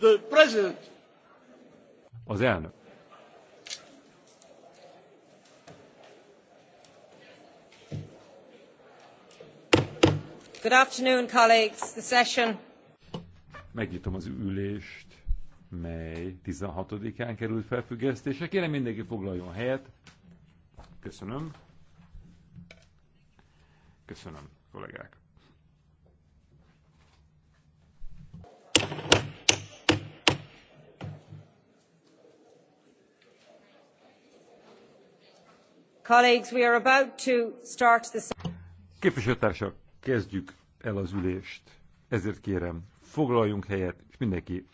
The president. Az elnök. Good afternoon, colleagues. The session. Megnyitom az ülést, mely 16-án került felfüggesztésre. Kérem mindenki foglaljon helyet. Köszönöm. Köszönöm, kollégák. Képviselőtársak, kezdjük el az ülést. Ezért kérem, foglaljunk helyet, és mindenki